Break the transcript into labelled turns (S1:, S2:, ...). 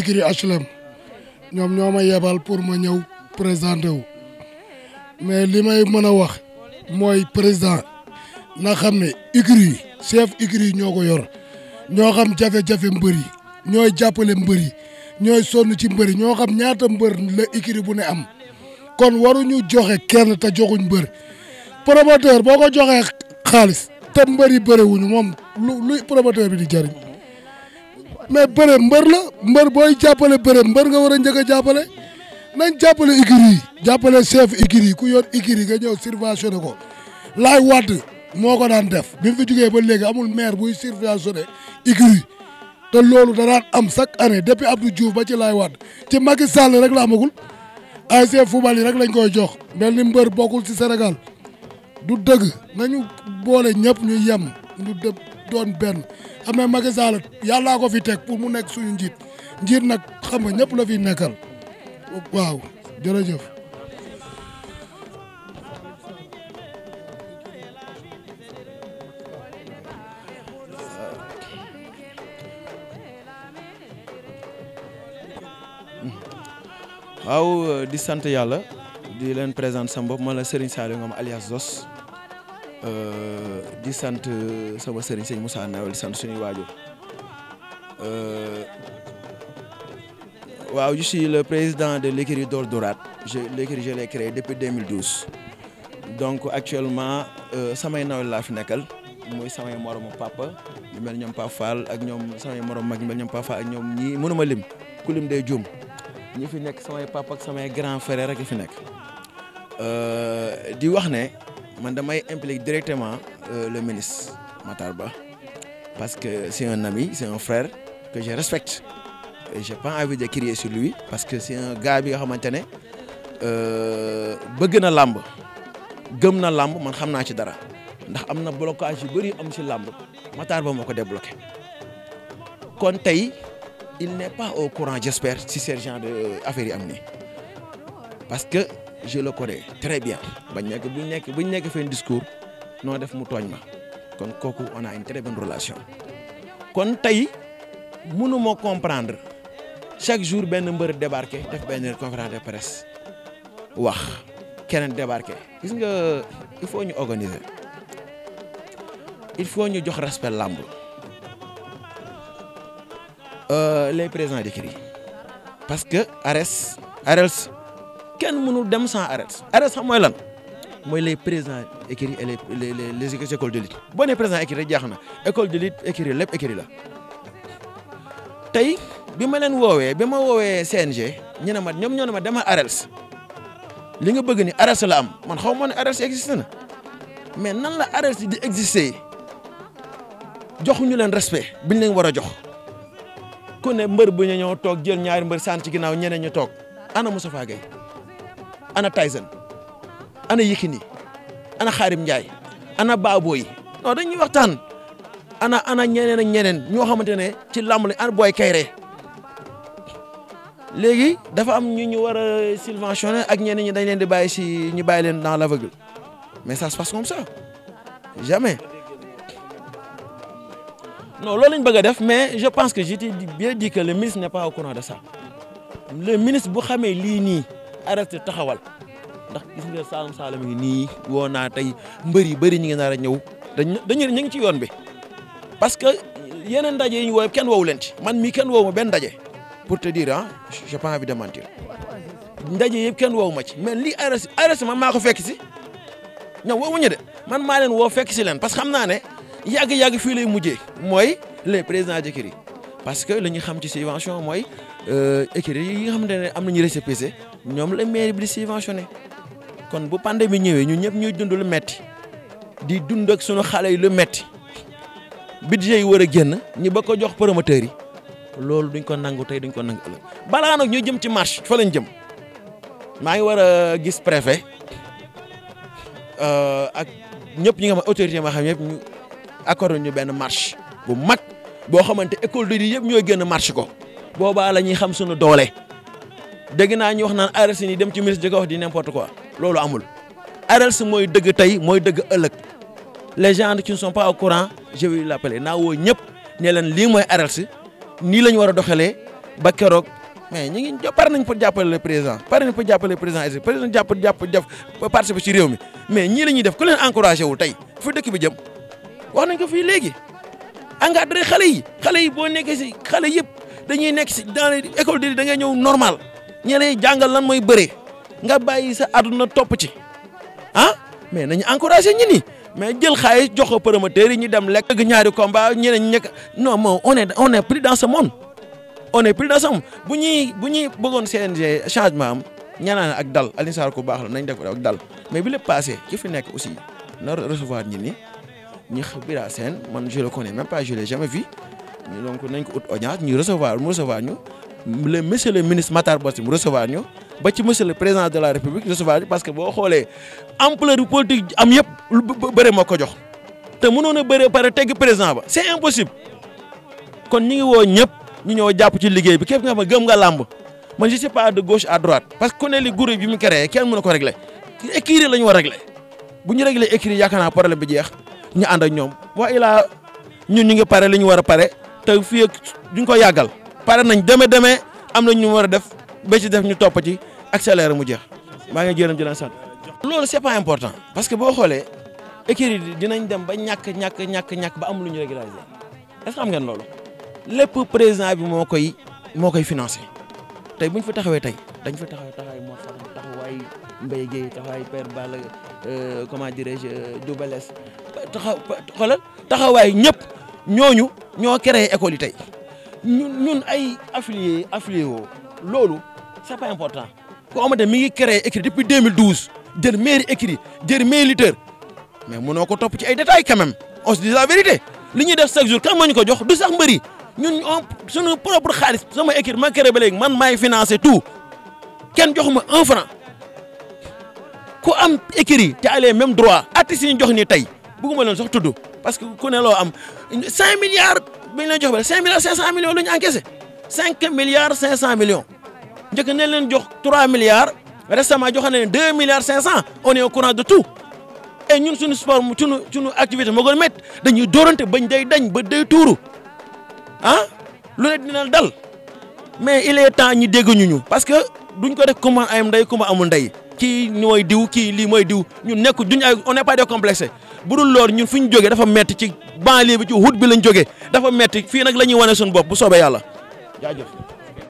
S1: Ikiri HLM ñoom ñoo ma yebal pour ma ñëw présenté wu mais li may mën a wax mooy président na xam ne Ikiri chef Ikiri ñoo ko yor ñoo xam jafe-jafe mbër yi ñooy jàppale mbër yi ñooy sonn ci mbër yi ñoo xam ñaata mbër la Ikiri bu ne am kon waruñu joxe kenn ta joxuñ mbër promoteur boo ko joxee xaalis te mbër yi bëriwuñu moom lu luy bi di jëriñ mais bëre mbër la mbër booy jàppale bëre mbër nga war a njëkk a jàppale nañ jàppale écurie yi jàppale chef écurie yi ku yor écurie yi nga ñëw subventionné ko laay wàdd moo ko daan def bi mu fi jugee ba léegi amul maire buy subventionné écurie te loolu danaan am chaque année depuis Abdou Diouf ba ci laay wàdd ci Macky Sall rek la amagul ay chef football yi rek lañ koy jox mel ni mbër bokkul ci Sénégal du dëgg nañu boole ñëpp ñu yem ñu dëpp doon benn Ahmed Macky Sall yàllaa ko fi teg pour mu nekk suñu njiit njiit nag xam nga ñëpp la fi nekkal waaw
S2: waaw di sant yàlla di leen présenter sama bopp ma la Serigne Saliou Ngom alias Zos. di sant euh, sama sëriñ sëñ Moussa Nawel sant suñuy waajur euh, waaw je le président de l'écurie Dóor Dóoraat je l'écurie je l'ai créé depuis donc actuellement euh, samay nawel laa fi nekkal muy samay moromu papa ñu mel ñoom Pape ak ñoom samay morom mag ñu mel ñoom Pape ak ñoom ñii mënuma lim ku lim day juum ñi fi nekk samay papa ak samay grand frère rek fi nekk di wax ne. man damay implique directement euh, le ministre Matar Ba parce que c'est un ami c'est un frère que je respecte et j'ai pas envie de crier sur lui parce que c'est un gars bi xamante ne euh, bëgg na làmb gëm na làmb man xam naa ci dara ndax am na blocage yu bëri am ci làmb Matar Ba moo ko débloqué kon tey il n'est pas au courant j'espère si ce de euh, affaire yi am nii parce que je le connais très bien bañ nekk buñ nekk buñ nekk feen discours noo def mu tooñ ma kon kooku on a une très bonne relation kon tey mënu ma comprendre chaque jour benn mbër débarqué def benn conférence de presse wax keneen débarqué gis nga il faut ñu organiser il faut ñu jox respect làmb euh, les présidents d'écurie parce que Ares kenn mënul dem sans arrêt arrêt sax mooy lan mooy les présidents écuries et les les les écoles de lutte boo nee président écurie rek jaax na école de lutte écurie lépp écurie la tey bi ma leen woowee bi ma woowee CNG ñu ne ma ñom ñoo ne ma dama arrêté li nga bëgg ni arrêté la am man xaw ma ne arrêté na mais nan la arrêté di existé joxuñu leen respect biñ leen war a jox ku ne mbër bu ñu ñëw toog jël ñaari mbër sant ci ginnaaw ñeneen ñu toog ana Moustapha Gueye ana Tyson ana Yekini ana Xaarim Ndiaye ana Baboy non dañuy waxtaan ana ana ñeneen ak ñeneen ñoo xamante ne ci làmb lañ ana Boy Kayre léegi dafa am ñu ñu war a subventionné ak ñeneen ñi dañ leen di bàyyi si ñu bàyyi leen dans l'aveugle mais ça se passe comme ça jamais non loolu lañ bëgg def mais je pense que j'étais bien dit que le ministre n'est pas au courant de ça le ministre bu xamee lii nii. arrêté taxawal ndax gis nga Saalum Saalum yi nii woo naa tey mbër yi bëri ñu ngi nar a ñëw dañu dañu ñu ngi ci yoon bi parce que yeneen ndaje yi ñu woo kenn waw leen ci man mii kenn woowu ma benn daje pour te dire ah j'ai pas envie de mentir ndaje yëpp kenn waw ma ci mais lii arrêté arrêté man maa ko fekk si ñoom woowuñu de man maa leen woo fekk si leen parce que xam naa ne yàgg-yàgg fii lay mujjee mooy les présidents d'écurie parce que li xam ci subvention mooy écuries euh, yi yi nga xamante ne am na nañu récépissé ñoom la mairie bi di subventionné kon bu pandémie ñëwee ñun ñëpp ñuy dund lu metti di dund ak sunu xale yi lu metti budget yi war a génn ñu ba ko jox promoteurs yi loolu duñ ko nangu tey duñ ko nangu ëllëg balaa nag ñu jëm ci marche fa lañ jëm maa ngi war a gis préfet euh, ak ñëpp ñi nga xam autorité ma xam yëpp ñu ñu benn marche bu mag boo xamante école de yi yëpp ñooy gënn marche ko. boobaa la ñuy xam sunu doole dégg naa ñu wax naan ARS yi dem ci ministre di di n'importe quoi loolu amul ARS mooy dëgg tey mooy dëgg ëllëg les gens qui ne sont pas au courant je vais l'appeler naa woo ñëpp ne leen lii mooy ARS nii la ñu war a doxalee ba keroog mais ñu ngi pare nañ pour jàppale le président pare jàppale le président et jàpp jàpp jàpp participer ci réew mi mais ñii la ñuy def ku leen encouragé wul tey fu dëkk bi jëm wax nañ ko fii léegi encadré xale yi xale yi boo nekkee si xale yëpp. dañuy nekk si dans école de da ngay ñëw normal ñi lay jàngal lan mooy bëree nga bàyyi sa àdduna topp ci ah mais nañu encouragé ñi ni mais jël xaalis jox ko promoteur yi ñu dem lekk ak ñaari combat ñeneen ñekk non moom on est on est plus dans ce monde on est plus bu ñuy bu ñuy bëggoon CNG changement am ak dal Alioune Sarr baax la nañ def ak dal mais bi lépp passé ki fi nekk aussi na recevoir ñi ni ñi Bira Sène man je le connais même pas je l'ai jamais donc nañ ko ñu recevoir mu recevoir ñu le monsieur le ministre Matar Ba mu recevoir ñu ba ci monsieur le président de la république recevoir ñu parce que boo xoolee ampleur politique am yëpp lu bëre ko jox te mënoon a bëree pare tegg président ba c'est impossible kon ñu ngi woo ñëpp ñu ñëw jàpp ci liggéey bi képp nga xam ne gëm nga làmb man je sais pas de gauche à droite parce que ko ne li groupe mu créé kenn mënu ko réglé écurie la ñu war réglé bu ñu réglé écurie yaakaar naa problème bi ñu ànd ak ñoom wa ilaa ñun ñu ngi pare ñu war pare. te fii duñ ko yàggal pare nañ deme deme am nañ ñu war a def ba ci ñu topp ci accéléré mu jeex maa ngi jërëm di leen sant. loolu c'est pas parce que boo xoolee écurie yi dinañ dem ba ñàkk ñàkk ñàkk ñàkk ba am lu ñu régulariser est-ce xam ngeen loolu lépp président bi moo koy moo koy financé tey buñ ñu fa taxawee tey dañ fa taxawee taxawaay moo fa taxawaay Mbaye Guèye taxawaay Père Balla euh, comment dirais-je euh, Doubalès taxaw xoolal taxawaay ñëpp. ñooñu ñoo créé école ñun ñun ay affilié affilié woo loolu c'est pas important koo de mi ngi créé écrit depuis 2012 jël meilleur écrit jël meilleur lutteur mais mënoo ko topp ci ay détails quand même on se la vérité li ñuy def chaque jour kan moo ñu ko jox du sax mbëri ñun on suñu propre xaalis sama écrit ma créé ba léegi man maay financé tout kenn ma un franc ku am écrit ti alee même droit artistes yi ñu jox ni tey bëgguma leen sax tudd parce que ku ne loo am 5 milliards bi ñu leen jox ba 5 milliards 500 millions la ñu encaissé 5 milliards 500 millions njëkk nañ leen jox 3 milliards récemment joxe nañ 2 milliards 500 on est au courant de tout et ñun suñu sport suñu suñu activité moo gën a métti dañuy bañ day dañ ba day tuuru ah lu ne dina dal mais il est temps ñu dégg ñu ñu parce que duñ ko def kuma ay ndey kuma amul ndey. kii ñooy diw kii lii mooy diw ñun nekk duñ on n'est pas décomplexé bu dul loor ñun fu ñu jógee dafa metti ci banlieue bi ci wut bi lañ jógee dafa metti fii nag la ñuy wane sun bopp bu soobee yàlla jaajëf